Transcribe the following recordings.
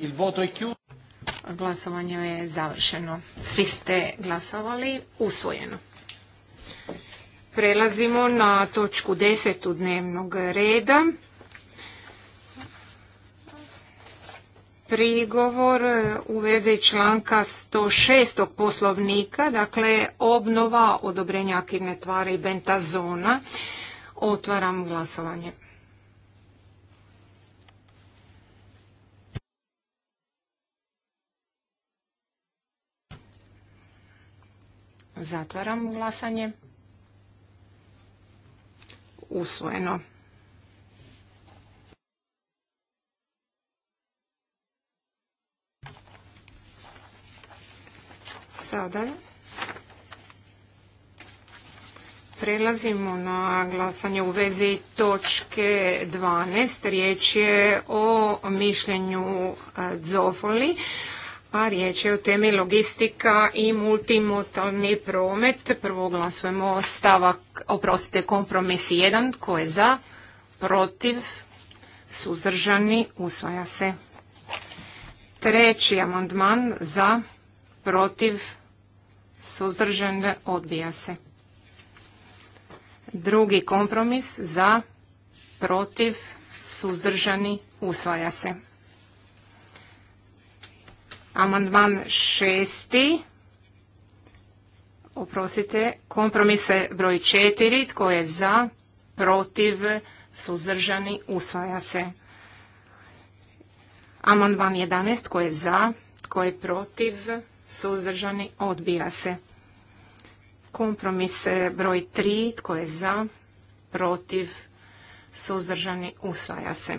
Il voto è Glasovanje je završeno. Svi ste glasovali usvojeno. Prelazimo na točku 10. dnevnog reda. prigovor u vezi članka 106. poslovnika, dakle obnova odobrenja aktivne tvari bentazona. Otvaram glasovanje. Zatvaram glasanje. Usvojeno. Sada Prelazimo na glasanje u vezi točke 12. Riječ je o mišljenju eh, Zofoli. A riječ je o temi logistika i multimodalni promet. Prvo glasujemo stavak, oprostite, kompromis 1. Ko je za? Protiv? Suzdržani? Usvaja se. Treći amandman za? Protiv? suzdržani, Odbija se. Drugi kompromis za? Protiv? Suzdržani? Usvaja se. Amandman šesti. Oprostite, kompromise broj četiri. Tko je za, protiv, suzdržani, usvaja se. Amandman jedanest, Tko je za, tko je protiv, suzdržani, odbija se. Kompromise broj tri, Tko je za, protiv, suzdržani, usvaja se.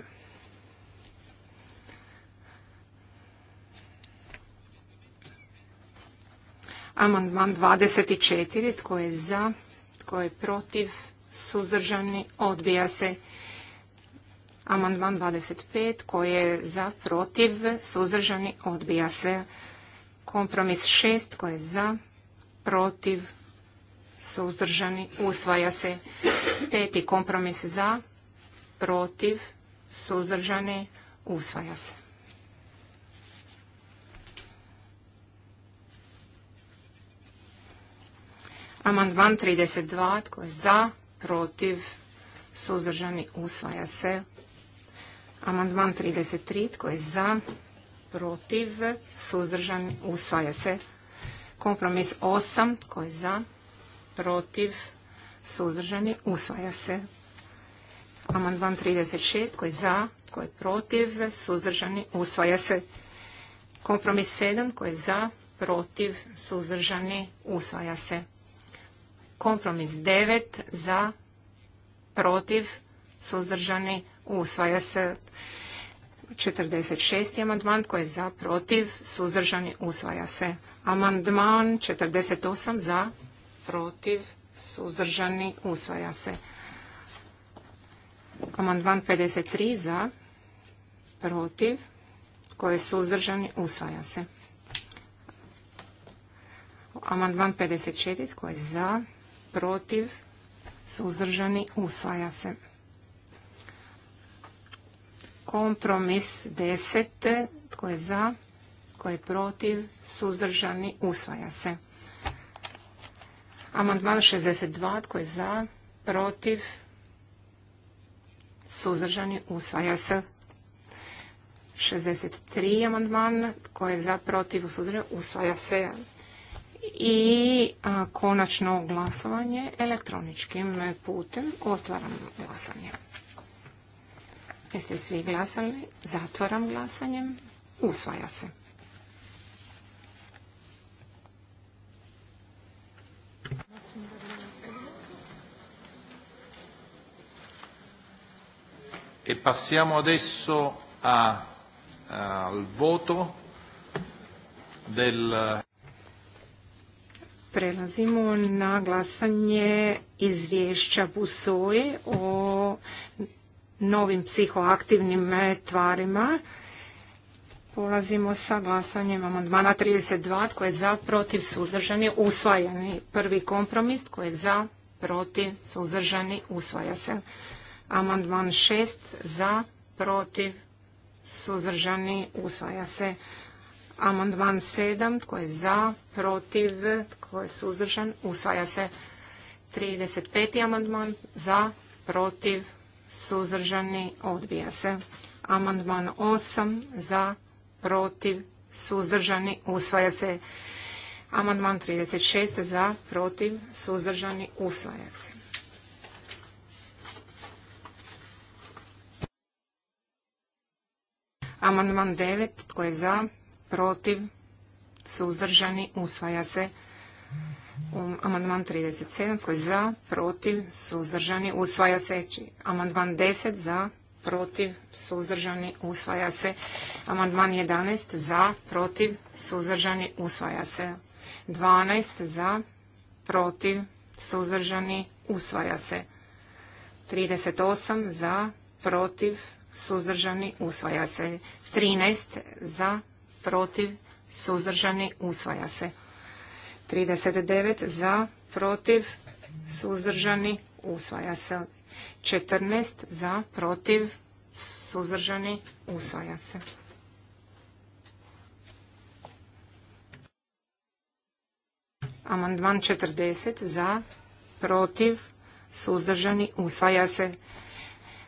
Amandman 24. Tko je za? Tko je protiv? Suzdržani? Odbija se. Amandman 25. Tko je za? Protiv? Suzdržani? Odbija se. Kompromis 6. Tko je za? Protiv? Suzdržani? Usvaja se. Peti kompromis za? Protiv? Suzdržani? Usvaja se. Amandman 32. Tko je za? Protiv? Suzdržani? Usvaja se. Amandman 33. Tko je za? Protiv? Suzdržani? Usvaja se. Kompromis 8. Tko je za? Protiv? Suzdržani? Usvaja se. Amandman 36. Tko je za? Tko je protiv? Suzdržani? Usvaja se. Kompromis 7. Tko je za? Protiv? Suzdržani? Usvaja se. Kompromis 9 za, protiv, suzdržani, usvaja se. 46. amandman koji je za, protiv, suzdržani, usvaja se. Amandman 48 za, protiv, suzdržani, usvaja se. Amandman 53 za, protiv, koji je suzdržani, usvaja se. Amandman 54 koji je za, protiv, suzdržani, usvaja se. Kompromis 10. Tko je za, tko je protiv, suzdržani, usvaja se. Amandman 62. Tko je za, protiv, suzdržani, usvaja se. 63. amandman. Tko je za, protiv, suzdržani, usvaja se i konačno glasovanje elektroničkim putem. Otvaram glasanje. Jeste svi glasali? Zatvaram glasanjem. Usvaja se. E passiamo adesso a, al voto del Prelazimo na glasanje izvješća Busoje o novim psihoaktivnim tvarima. Polazimo sa glasanjem amandmana 32. Tko je za, protiv, suzdržani, usvajani. Prvi kompromis. Tko je za, protiv, suzdržani, usvaja se. Amandman 6. Za, protiv, suzdržani, usvaja se. Amandman 7. Tko je za, protiv, tko je suzdržan? Usvaja se. 35. amandman za, protiv, suzdržani, odbija se. Amandman 8 za, protiv, suzdržani, usvaja se. Amandman 36 za, protiv, suzdržani, usvaja se. Amandman 9, tko je za, protiv, suzdržani, usvaja se. Um, amandman 37 koji je za, protiv, suzdržani, usvaja se. Amandman 10 za, protiv, suzdržani, usvaja se. Amandman 11 za, protiv, suzdržani, usvaja se. 12 za, protiv, suzdržani, usvaja se. 38 za, protiv, suzdržani, usvaja se. 13 za, protiv, suzdržani, usvaja se. 39 za, protiv, suzdržani, usvaja se. 14 za, protiv, suzdržani, usvaja se. Amandman 40 za, protiv, suzdržani, usvaja se.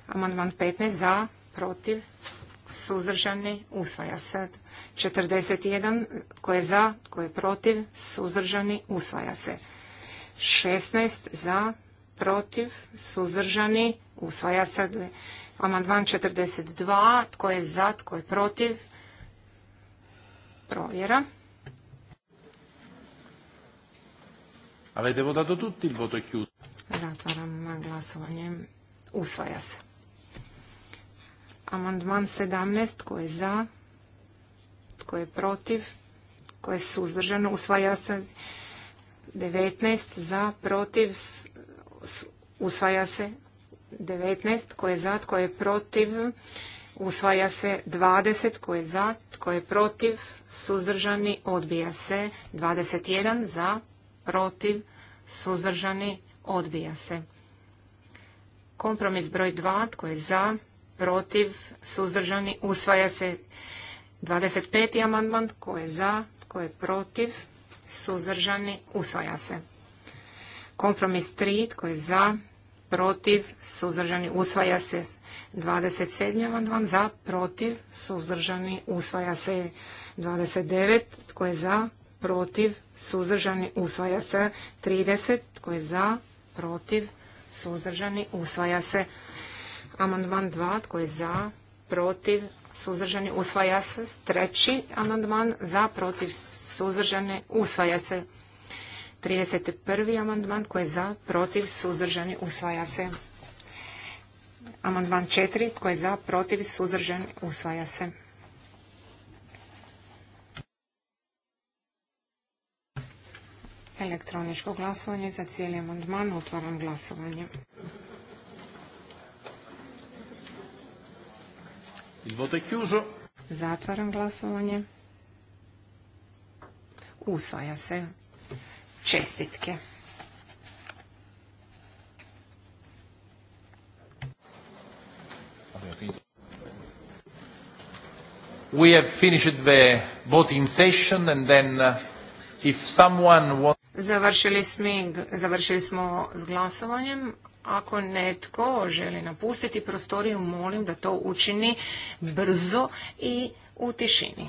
Amandman 15 za, protiv, suzdržani, usvaja se. 41, tko je za, tko je protiv, suzdržani, usvaja se. 16 za, protiv, suzdržani, usvaja se. Amandman 42, tko je za, tko je protiv, provjera. Avete votato tutti il voto è chiuso. Zatvaram glasovanje. Usvaja se. Amandman 17. Tko je za? Tko je protiv? Tko je suzdržan? Usvaja se 19. Za, protiv? Usvaja se 19. Tko je za? Tko je protiv? Usvaja se 20. Tko je za? Tko je protiv? Suzdržani? Odbija se 21. Za, protiv? Suzdržani? Odbija se. Kompromis broj 2. Tko je za? protiv, suzdržani, usvaja se 25. amandman, tko je za, tko je protiv, suzdržani, usvaja se. Kompromis 3, tko je za, protiv, suzdržani, usvaja se 27. amandman, za, protiv, suzdržani, usvaja se 29. Tko je za? Protiv. Suzdržani. Usvaja se. 30. Tko je za? Protiv. Suzdržani. Usvaja se. Amandman 2. Tko je za? Protiv? Suzdržani? Usvaja se. Treći amandman. Za? Protiv? Suzdržani? Usvaja se. 31. amandman. Tko je za? Protiv? Suzdržani? Usvaja se. Amandman 4. Tko je za? Protiv? Suzdržani? Usvaja se. Elektroničko glasovanje za cijeli amandman. Otvaram glasovanje. Il voto è chiuso. Zatvaram glasovanje. Usvaja se. Čestitke. We have finished the voting session and then uh, if someone wants... Završili smo, završili smo s glasovanjem. Ako netko želi napustiti prostoriju, molim da to učini brzo i u tišini.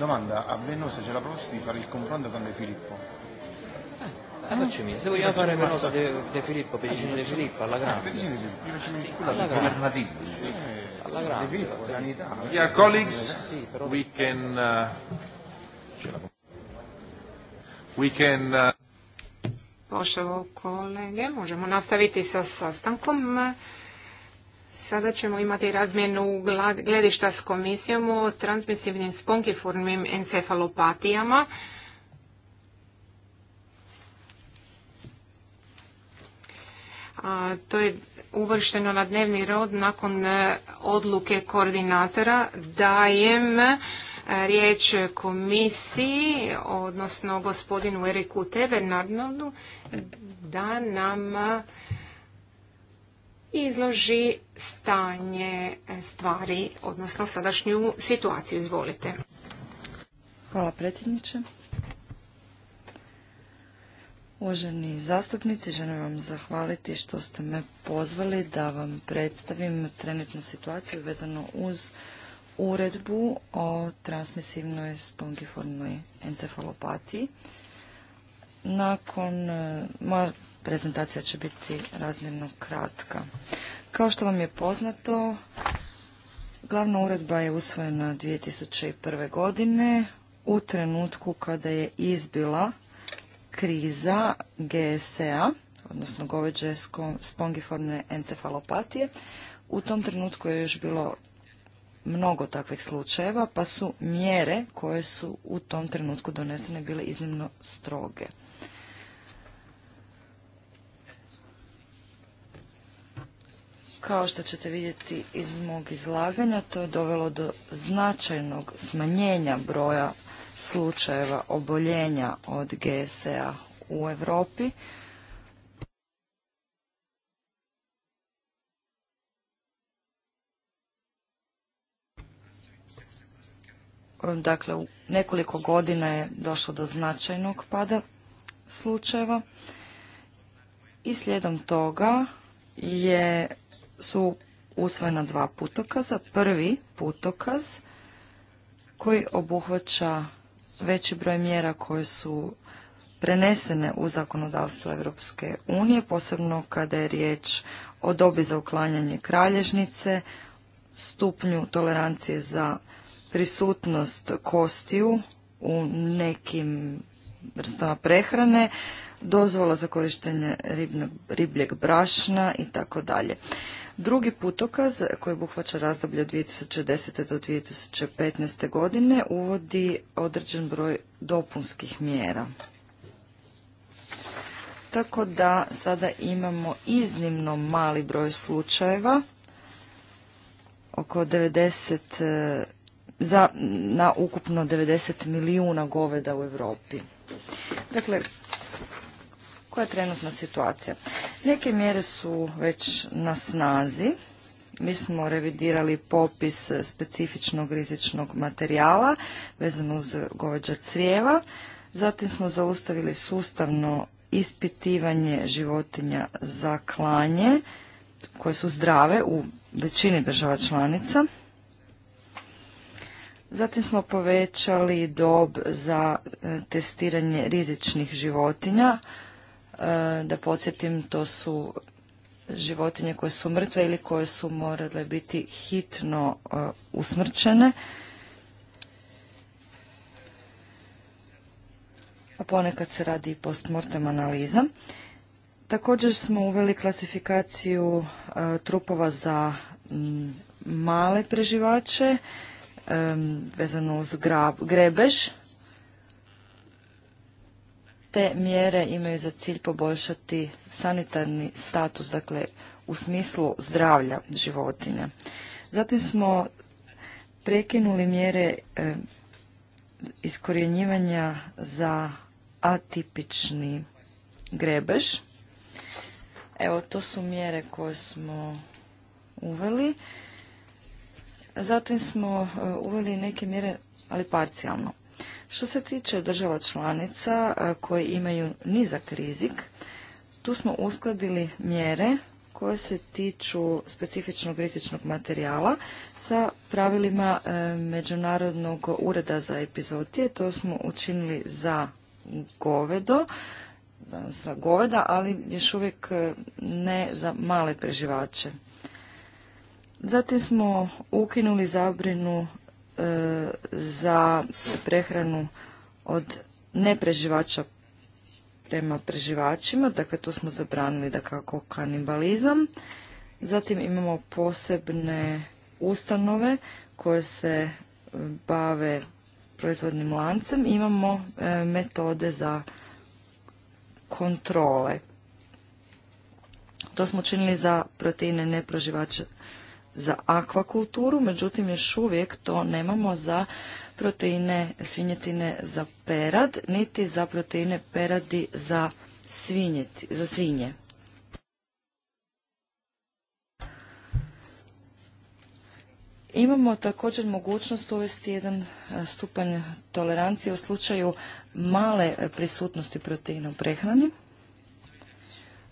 Domanda, a se c'è la proposta di fare il confronto con De Filippo. Eh, facci mia, se vogliamo fare Venosa De, De Filippo, Pedicino De Filippo, alla grande. Pedicino De Filippo, quella di eh, Alla grande. De Filippo, sanità. Dear colleagues, eh, we can... we can... Uh, Poštovo kolege, možemo nastaviti sa sastankom. Sada ćemo imati razmjenu gledišta s komisijom o transmisivnim spongiformnim encefalopatijama. to je uvršteno na dnevni rod nakon e, odluke koordinatora. Dajem e, riječ komisiji, odnosno gospodinu Eriku Tebernardnu, da nam izloži stanje e, stvari, odnosno sadašnju situaciju. Izvolite. Hvala predsjedniče. Uvaženi zastupnici, želim vam zahvaliti što ste me pozvali da vam predstavim trenutnu situaciju vezano uz uredbu o transmisivnoj spongiformnoj encefalopatiji. Nakon, e, prezentacija će biti razmjerno kratka. Kao što vam je poznato, glavna uredba je usvojena 2001. godine u trenutku kada je izbila kriza GSA, odnosno goveđe spongiformne encefalopatije. U tom trenutku je još bilo mnogo takvih slučajeva, pa su mjere koje su u tom trenutku donesene bile iznimno stroge. Kao što ćete vidjeti iz mog izlaganja, to je dovelo do značajnog smanjenja broja slučajeva oboljenja od GSA u Europi. Dakle, u nekoliko godina je došlo do značajnog pada slučajeva i slijedom toga je su usvojena dva putokaza. Prvi putokaz koji obuhvaća veći broj mjera koje su prenesene u zakonodavstvo Europske unije, posebno kada je riječ o dobi za uklanjanje kralježnice, stupnju tolerancije za prisutnost kostiju u nekim vrstama prehrane, dozvola za korištenje ribljeg brašna i tako dalje. Drugi putokaz koji obuhvaća razdoblje od 2010. do 2015. godine uvodi određen broj dopunskih mjera. Tako da sada imamo iznimno mali broj slučajeva, oko 90 e, za, na ukupno 90 milijuna goveda u Europi. Dakle, koja je trenutna situacija? Neke mjere su već na snazi. Mi smo revidirali popis specifičnog rizičnog materijala vezano uz goveđa crijeva. Zatim smo zaustavili sustavno ispitivanje životinja za klanje koje su zdrave u većini država članica. Zatim smo povećali dob za e, testiranje rizičnih životinja E, da podsjetim, to su životinje koje su mrtve ili koje su morale biti hitno e, usmrčene. A ponekad se radi i postmortem analiza. Također smo uveli klasifikaciju e, trupova za male preživače vezano uz grebež. Te mjere imaju za cilj poboljšati sanitarni status, dakle u smislu zdravlja životinja. Zatim smo prekinuli mjere e, iskorjenjivanja za atipični grebež. Evo, to su mjere koje smo uveli. Zatim smo e, uveli neke mjere, ali parcijalno. Što se tiče država članica koje imaju nizak rizik, tu smo uskladili mjere koje se tiču specifičnog rizičnog materijala sa pravilima e, Međunarodnog ureda za epizotije. To smo učinili za govedo, za goveda, ali još uvijek e, ne za male preživače. Zatim smo ukinuli zabrinu E, za prehranu od nepreživača prema preživačima, dakle tu smo zabranili da kako kanibalizam. Zatim imamo posebne ustanove koje se e, bave proizvodnim lancem. Imamo e, metode za kontrole. To smo učinili za proteine nepreživača za akvakulturu, međutim još uvijek to nemamo za proteine svinjetine za perad, niti za proteine peradi za, za svinje. Imamo također mogućnost uvesti jedan e, stupanj tolerancije u slučaju male prisutnosti proteina u prehrani.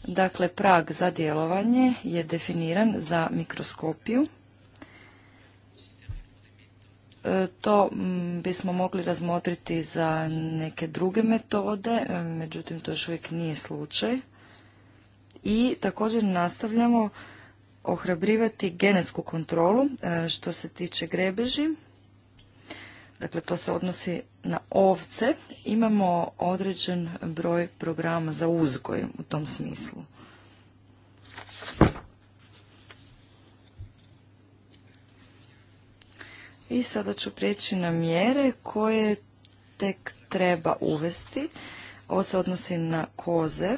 Dakle, prag za djelovanje je definiran za mikroskopiju. E, to mm, bismo mogli razmotriti za neke druge metode, e, međutim to još uvijek nije slučaj. I također nastavljamo ohrabrivati genetsku kontrolu e, što se tiče grebeži dakle to se odnosi na ovce, imamo određen broj programa za uzgoj u tom smislu. I sada ću prijeći na mjere koje tek treba uvesti. Ovo se odnosi na koze,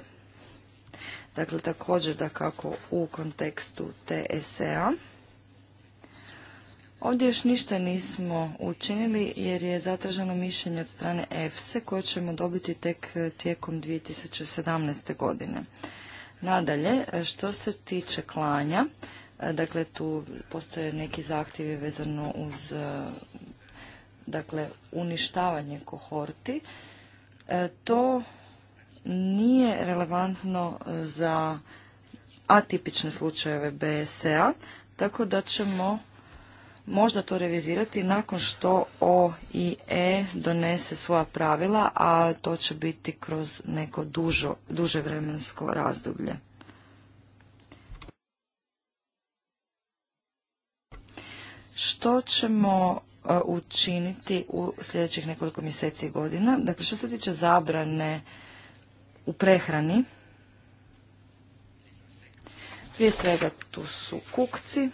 dakle također da kako u kontekstu TSE-a. Ovdje još ništa nismo učinili jer je zatraženo mišljenje od strane EFSE koje ćemo dobiti tek e, tijekom 2017. godine. Nadalje, e, što se tiče klanja, e, dakle tu postoje neki zahtjevi vezano uz dakle uništavanje kohorti, to nije relevantno za atipične slučajeve BSA, tako da ćemo možda to revizirati nakon što O E donese svoja pravila, a to će biti kroz neko dužo, duže vremensko razdoblje. Što ćemo e, učiniti u sljedećih nekoliko mjeseci i godina? Dakle, što se tiče zabrane u prehrani, prije svega tu su kukci,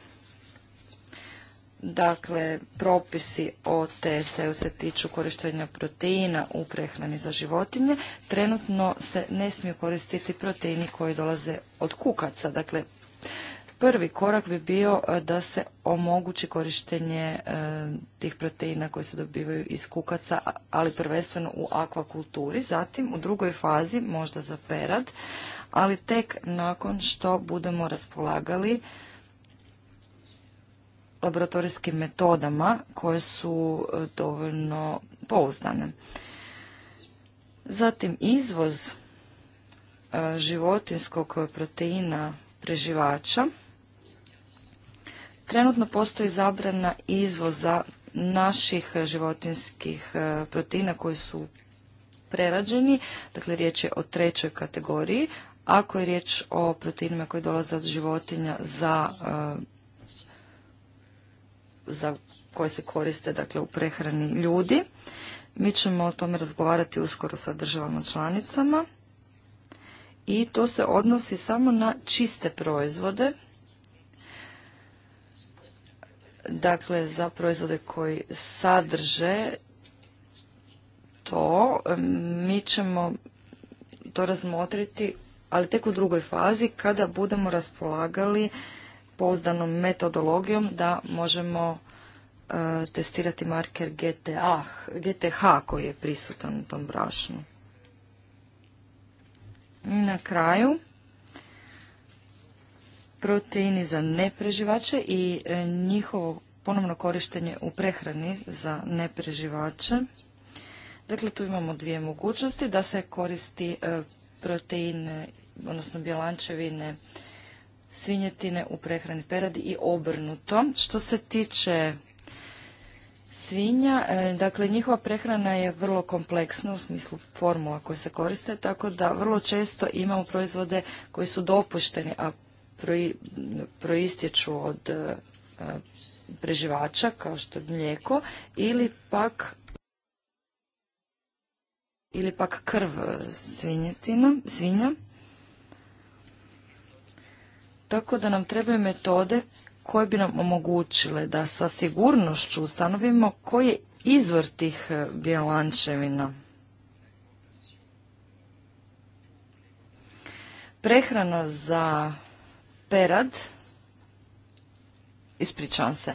Dakle, propisi o TSE-u se tiču korištenja proteina u prehrani za životinje. Trenutno se ne smiju koristiti proteini koji dolaze od kukaca. Dakle, prvi korak bi bio e, da se omogući korištenje e, tih proteina koji se dobivaju iz kukaca, ali prvenstveno u akvakulturi. Zatim, u drugoj fazi, možda za perad, ali tek nakon što budemo raspolagali laboratorijskim metodama koje su e, dovoljno pouzdane. Zatim izvoz e, životinskog proteina preživača. Trenutno postoji zabrana izvoza naših životinskih e, proteina koji su prerađeni, dakle riječ je o trećoj kategoriji. Ako je riječ o proteinima koji dolaze od životinja za za koje se koriste dakle, u prehrani ljudi. Mi ćemo o tome razgovarati uskoro sa državama članicama i to se odnosi samo na čiste proizvode, dakle za proizvode koji sadrže to, mi ćemo to razmotriti, ali tek u drugoj fazi kada budemo raspolagali pouzdanom metodologijom da možemo e, testirati marker GTH koji je prisutan u tom brašnu. I na kraju proteini za nepreživače i e, njihovo ponovno korištenje u prehrani za nepreživače. Dakle, tu imamo dvije mogućnosti da se koristi e, protein, odnosno bjelančevine svinjetine u prehrani peradi i obrnuto. Što se tiče svinja, e, dakle njihova prehrana je vrlo kompleksna u smislu formula koje se koriste, tako da vrlo često imamo proizvode koji su dopušteni, a proistječu od e, preživača kao što je mlijeko ili pak ili pak krv svinjetina, svinja. Tako da nam trebaju metode koje bi nam omogućile da sa sigurnošću ustanovimo koji je izvor tih e, bjelančevina. Prehrana za perad, ispričam se,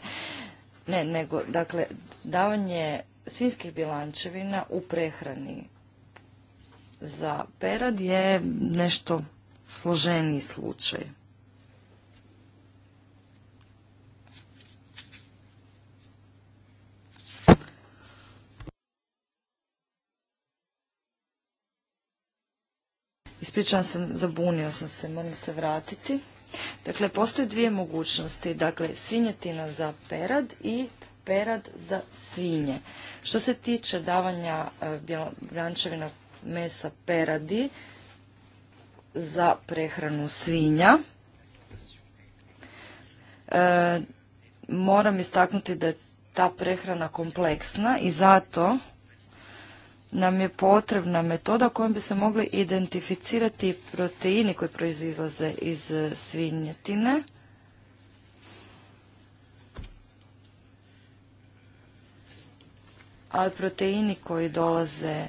ne, nego, dakle, davanje svinskih bjelančevina u prehrani za perad je nešto složeniji slučaj. Ispričavam se, zabunio sam se, moram se vratiti. Dakle, postoje dvije mogućnosti. Dakle, svinjetina za perad i perad za svinje. Što se tiče davanja e, brančevina mesa peradi za prehranu svinja, e, moram istaknuti da je ta prehrana kompleksna i zato nam je potrebna metoda kojom bi se mogli identificirati proteini koji proizlaze iz e, svinjetine. A proteini koji dolaze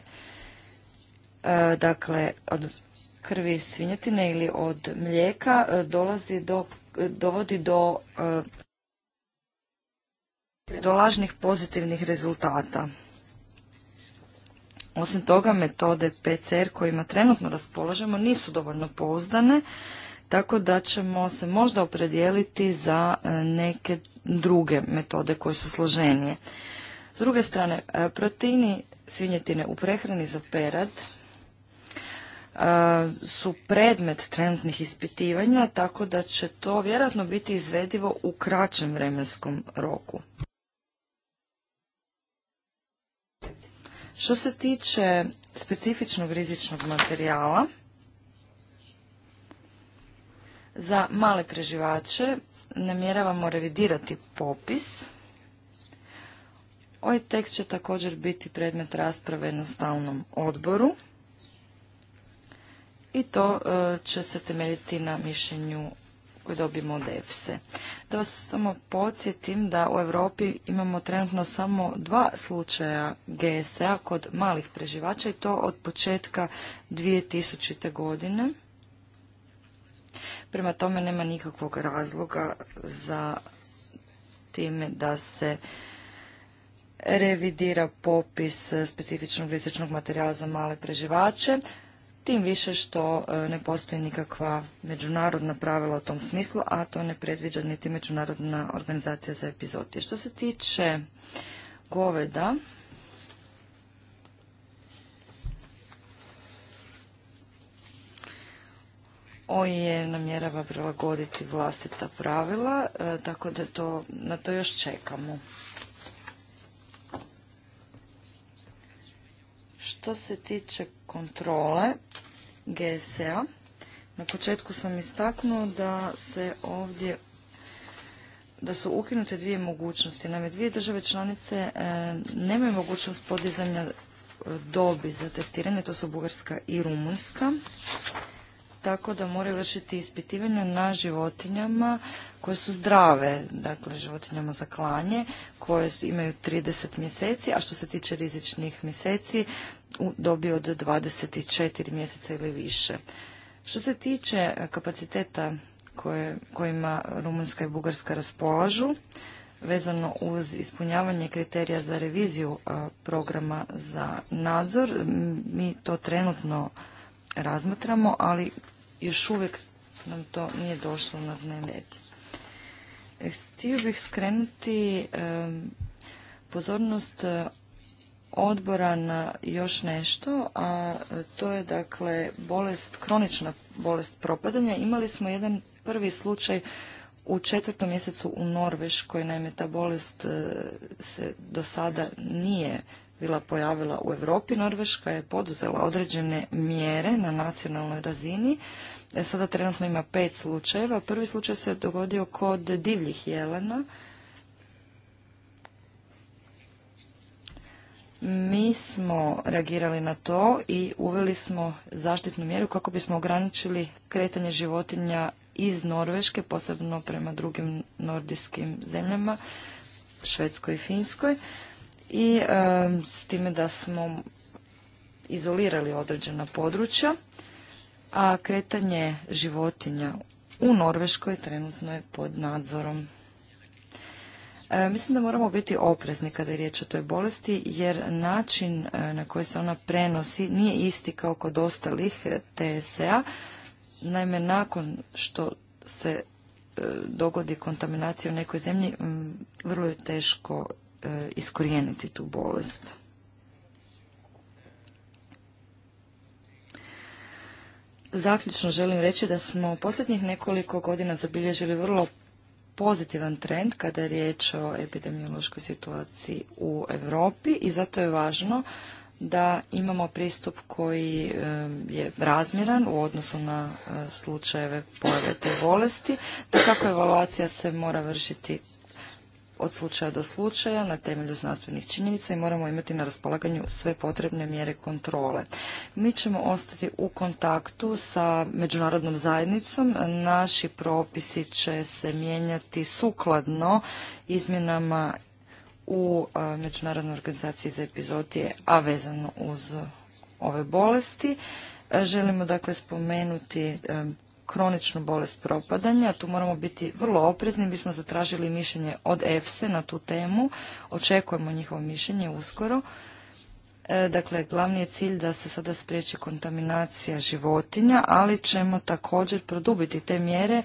e, dakle od krvi svinjetine ili od mlijeka e, dolazi do dovodi do do lažnih pozitivnih rezultata. Osim toga, metode PCR kojima trenutno raspolažemo nisu dovoljno pouzdane, tako da ćemo se možda opredijeliti za e, neke druge metode koje su složenije. S druge strane, e, proteini svinjetine u prehrani za perad e, su predmet trenutnih ispitivanja, tako da će to vjerojatno biti izvedivo u kraćem vremenskom roku. Što se tiče specifičnog rizičnog materijala, za male preživače namjeravamo revidirati popis. Ovaj tekst će također biti predmet rasprave na stalnom odboru i to e, će se temeljiti na mišljenju koji dobijemo od EFSE. Da vas samo podsjetim da u Europi imamo trenutno samo dva slučaja GSA kod malih preživača i to od početka 2000. godine. Prema tome nema nikakvog razloga za time da se revidira popis specifičnog lističnog materijala za male preživače tim više što e, ne postoji nikakva međunarodna pravila u tom smislu, a to ne predviđa niti Međunarodna organizacija za epizodije. Što se tiče goveda, je namjerava prilagoditi vlastita pravila, e, tako da to, na to još čekamo. Što se tiče kontrole GSA. Na početku sam istaknuo da se ovdje da su ukinute dvije mogućnosti. Naime, dvije države članice e, nemaju mogućnost podizanja e, dobi za testiranje, to su Bugarska i Rumunska, tako da moraju vršiti ispitivanja na životinjama koje su zdrave, dakle životinjama za klanje, koje imaju 30 mjeseci, a što se tiče rizičnih mjeseci, u dobi od 24 mjeseca ili više. Što se tiče kapaciteta kojima Rumunjska i Bugarska raspolažu, vezano uz ispunjavanje kriterija za reviziju e, programa za nadzor, mi to trenutno razmatramo, ali još uvijek nam to nije došlo na dnevni red. E, htio bih skrenuti e, pozornost odbora na još nešto, a to je dakle bolest, kronična bolest propadanja. Imali smo jedan prvi slučaj u četvrtom mjesecu u Norveškoj, naime ta bolest e, se do sada nije bila pojavila u Europi. Norveška je poduzela određene mjere na nacionalnoj razini. E, sada trenutno ima pet slučajeva. Prvi slučaj se dogodio kod divljih jelena Mi smo reagirali na to i uveli smo zaštitnu mjeru kako bismo ograničili kretanje životinja iz Norveške, posebno prema drugim nordijskim zemljama, Švedskoj i Finskoj, i s time da smo izolirali određena područja, a kretanje životinja u Norveškoj trenutno je pod nadzorom. E, mislim da moramo biti oprezni kada je riječ o toj bolesti, jer način e, na koji se ona prenosi nije isti kao kod ostalih e, TSA. Naime, nakon što se dogodi kontaminacija u nekoj zemlji, vrlo je teško iskorijeniti tu bolest. Zaključno želim reći da smo posljednjih nekoliko godina zabilježili vrlo pozitivan trend kada je riječ o epidemiološkoj situaciji u Europi i zato je važno da imamo pristup koji je razmjeran u odnosu na e, slučajeve pojave te bolesti, da kako evaluacija se mora vršiti od slučaja do slučaja na temelju znanstvenih činjenica i moramo imati na raspolaganju sve potrebne mjere kontrole. Mi ćemo ostati u kontaktu sa međunarodnom zajednicom. Naši propisi će se mijenjati sukladno izmjenama u e, Međunarodnoj organizaciji za epizodije, a vezano uz ove bolesti. E, želimo dakle spomenuti e, kroničnu bolest propadanja. Tu moramo biti vrlo oprezni. Mi smo zatražili mišljenje od EFSE na tu temu. Očekujemo njihovo mišljenje uskoro. E, dakle, glavni je cilj da se sada spriječi kontaminacija životinja, ali ćemo također produbiti te mjere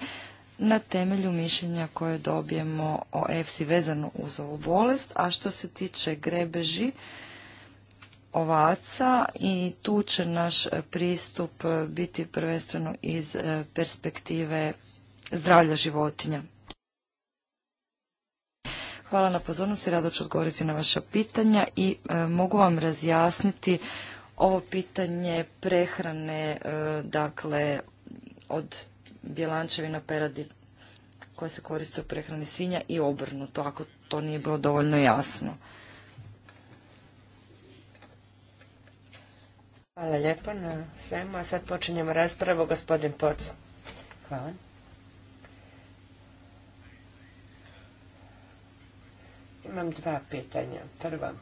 na temelju mišljenja koje dobijemo o EFSI vezano uz ovu bolest. A što se tiče grebeži, ovaca i tu će naš pristup biti prvenstveno iz e, perspektive zdravlja životinja. Hvala na pozornosti, rado ću odgovoriti na vaša pitanja i e, mogu vam razjasniti ovo pitanje prehrane, e, dakle, od bjelančevina peradi koja se koriste u prehrani svinja i obrnuto, ako to nije bilo dovoljno jasno. Hvala lijepo na svemu, a sad počinjemo raspravu, gospodin Poc. Hvala. Imam dva pitanja. Prvo,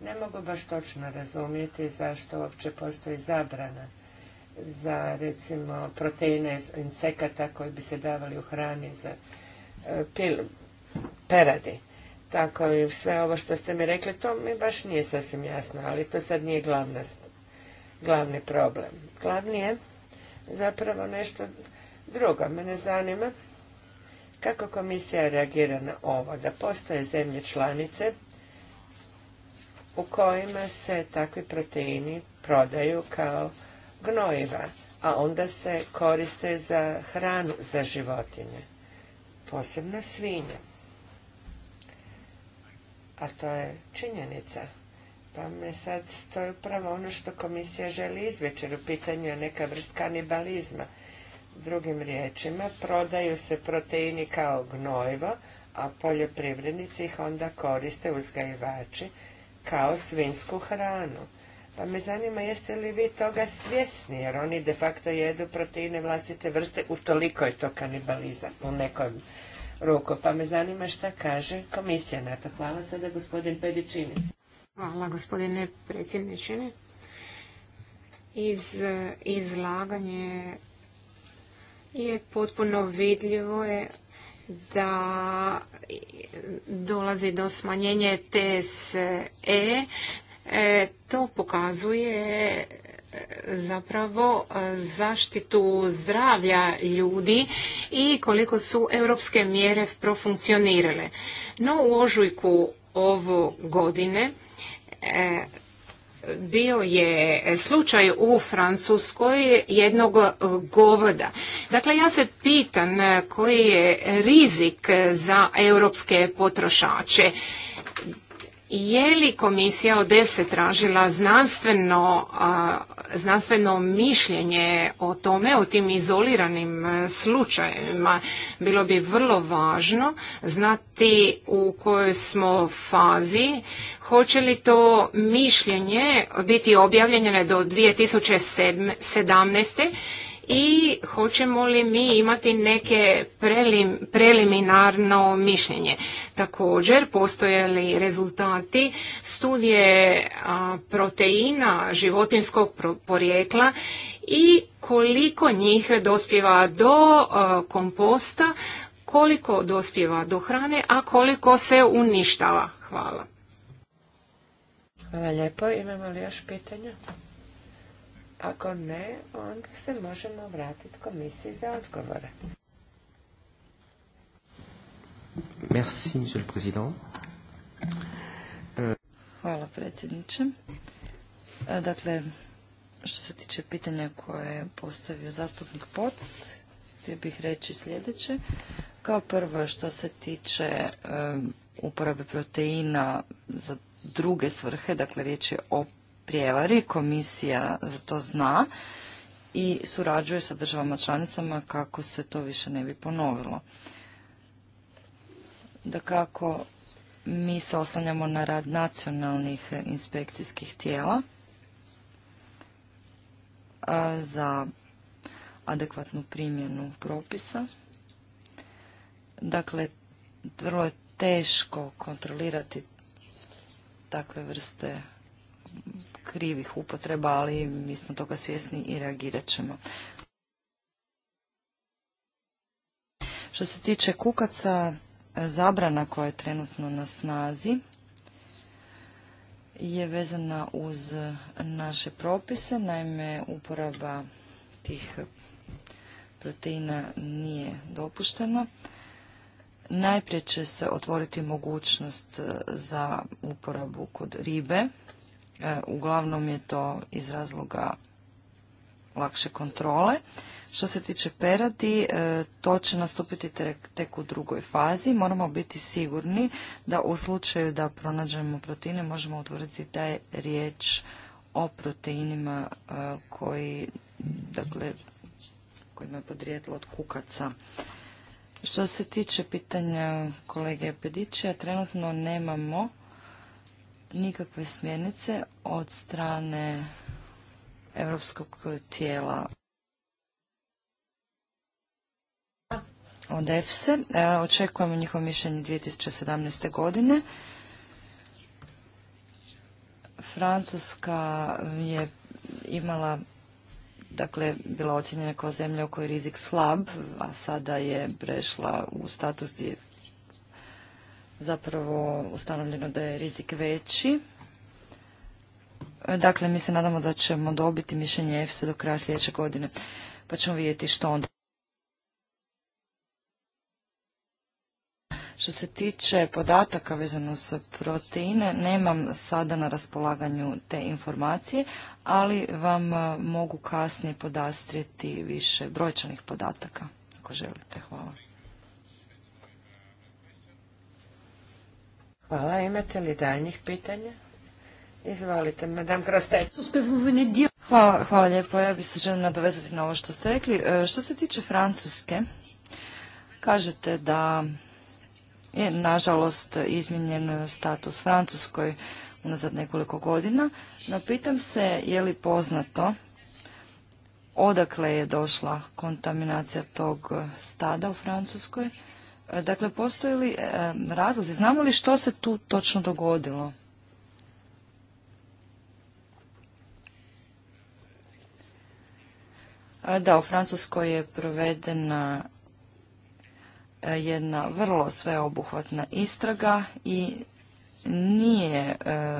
ne mogu baš točno razumjeti zašto uopće postoji zabrana za recimo proteine insekata koji bi se davali u hrani za e, peradi. Tako i sve ovo što ste mi rekli, to mi baš nije sasvim jasno, ali to sad nije glavni problem. Glavni je zapravo nešto drugo. Mene zanima kako komisija reagira na ovo, da postoje zemlje članice u kojima se takvi proteini prodaju kao gnojiva, a onda se koriste za hranu za životinje, posebno svinje a to je činjenica. Pa me sad, to je upravo ono što komisija želi jer u pitanju je neka vrst kanibalizma. Drugim riječima, prodaju se proteini kao gnojivo, a poljoprivrednici ih onda koriste uzgajivači kao svinsku hranu. Pa me zanima jeste li vi toga svjesni, jer oni de facto jedu proteine vlastite vrste, utoliko je to kanibalizam u nekom Roko, Pa me zanima šta kaže komisija na to. Hvala sada gospodin Pedičini. Hvala gospodine predsjedničine. Iz eh, izlaganje je potpuno vidljivo je eh, da dolazi do smanjenje TSE. E, eh, to pokazuje zapravo e, zaštitu zdravlja ljudi i koliko su europske mjere profunkcionirale. No u ožujku ovo godine e, bio je slučaj u Francuskoj jednog govoda. Dakle, ja se pitan e, koji je rizik za europske potrošače je li komisija od deset tražila znanstveno, mišljenje o tome, o tim izoliranim e, slučajevima? Bilo bi vrlo važno znati u kojoj smo fazi, hoće li to mišljenje biti objavljeno do 2017 i hoćemo li mi imati neke preliminarno mišljenje. Također postoje li rezultati studije proteina životinskog porijekla i koliko njih dospjeva do komposta, koliko dospjeva do hrane, a koliko se uništava. Hvala. Hvala lijepo. Imamo li još pitanja? Ako ne, onda se možemo vratiti komisiji za odgovore. Eh, Hvala predsjedniče. Eh, dakle, što se tiče pitanja koje je postavio zastupnik Poc, htio bih reći sljedeće. Kao prvo što se tiče eh, uporabe proteina za druge svrhe, dakle riječ je o prijevari. Komisija za to zna i surađuje sa državama članicama kako se to više ne bi ponovilo. Da kako mi se oslanjamo na rad nacionalnih inspekcijskih tijela za adekvatnu primjenu propisa. Dakle, vrlo je teško kontrolirati takve vrste krivih upotreba, ali mi smo toga svjesni i reagirat ćemo. Što se tiče kukaca, zabrana koja je trenutno na snazi je vezana uz naše propise. Naime, uporaba tih proteina nije dopuštena. Najprije će se otvoriti mogućnost za uporabu kod ribe E, uglavnom je to iz razloga lakše kontrole. Što se tiče peradi, e, to će nastupiti tek u drugoj fazi. Moramo biti sigurni da u slučaju da pronađemo proteine možemo utvrditi taj riječ o proteinima e, koji, dakle, kojima je podrijetlo od kukaca. Što se tiče pitanja kolege Pedića, trenutno nemamo nikakve smjernice od strane europskog tijela od EFSE. E, očekujemo njihovo mišljenje 2017. godine. Francuska je imala dakle, bila ocjenjena kao zemlja u kojoj je rizik slab, a sada je prešla u status zapravo ustanovljeno da je rizik veći. E, dakle, mi se nadamo da ćemo dobiti mišljenje EFSA do kraja sljedeće godine, pa ćemo vidjeti što onda. Što se tiče podataka vezano s proteine, nemam sada na raspolaganju te informacije, ali vam e, mogu kasnije podastrijeti više brojčanih podataka, ako želite. Hvala. Hvala. Imate li daljnjih pitanja? Izvolite, madam Krostec. Hvala, hvala lijepo. Ja bih se želim nadovezati na ovo što ste rekli. E, što se tiče Francuske, kažete da je nažalost izmijenjen status Francuskoj unazad nekoliko godina, no pitam se je li poznato odakle je došla kontaminacija tog stada u Francuskoj Dakle, postoje li e, razlozi? Znamo li što se tu točno dogodilo? Da, u Francuskoj je provedena e, jedna vrlo sveobuhvatna istraga i nije, e,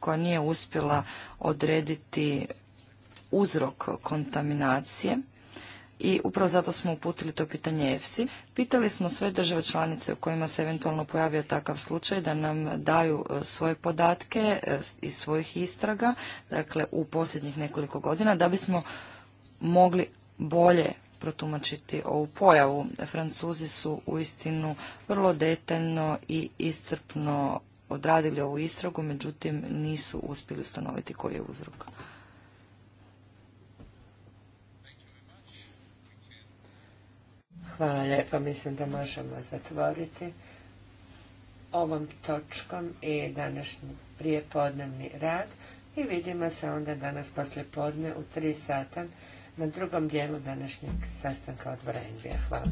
koja nije uspjela odrediti uzrok kontaminacije i upravo zato smo uputili to pitanje EFSI. Pitali smo sve države članice u kojima se eventualno pojavio takav slučaj da nam daju e, svoje podatke e, iz svojih istraga, dakle u posljednjih nekoliko godina, da bismo mogli bolje protumačiti ovu pojavu. Francuzi su uistinu vrlo detaljno i iscrpno odradili ovu istragu, međutim nisu uspjeli ustanoviti koji je uzrok. Hvala lijepa, mislim da možemo zatvoriti ovom točkom i današnji prijepodnevni rad i vidimo se onda danas poslje podne u 3 sata na drugom dijelu današnjeg sastanka odbora Hvala.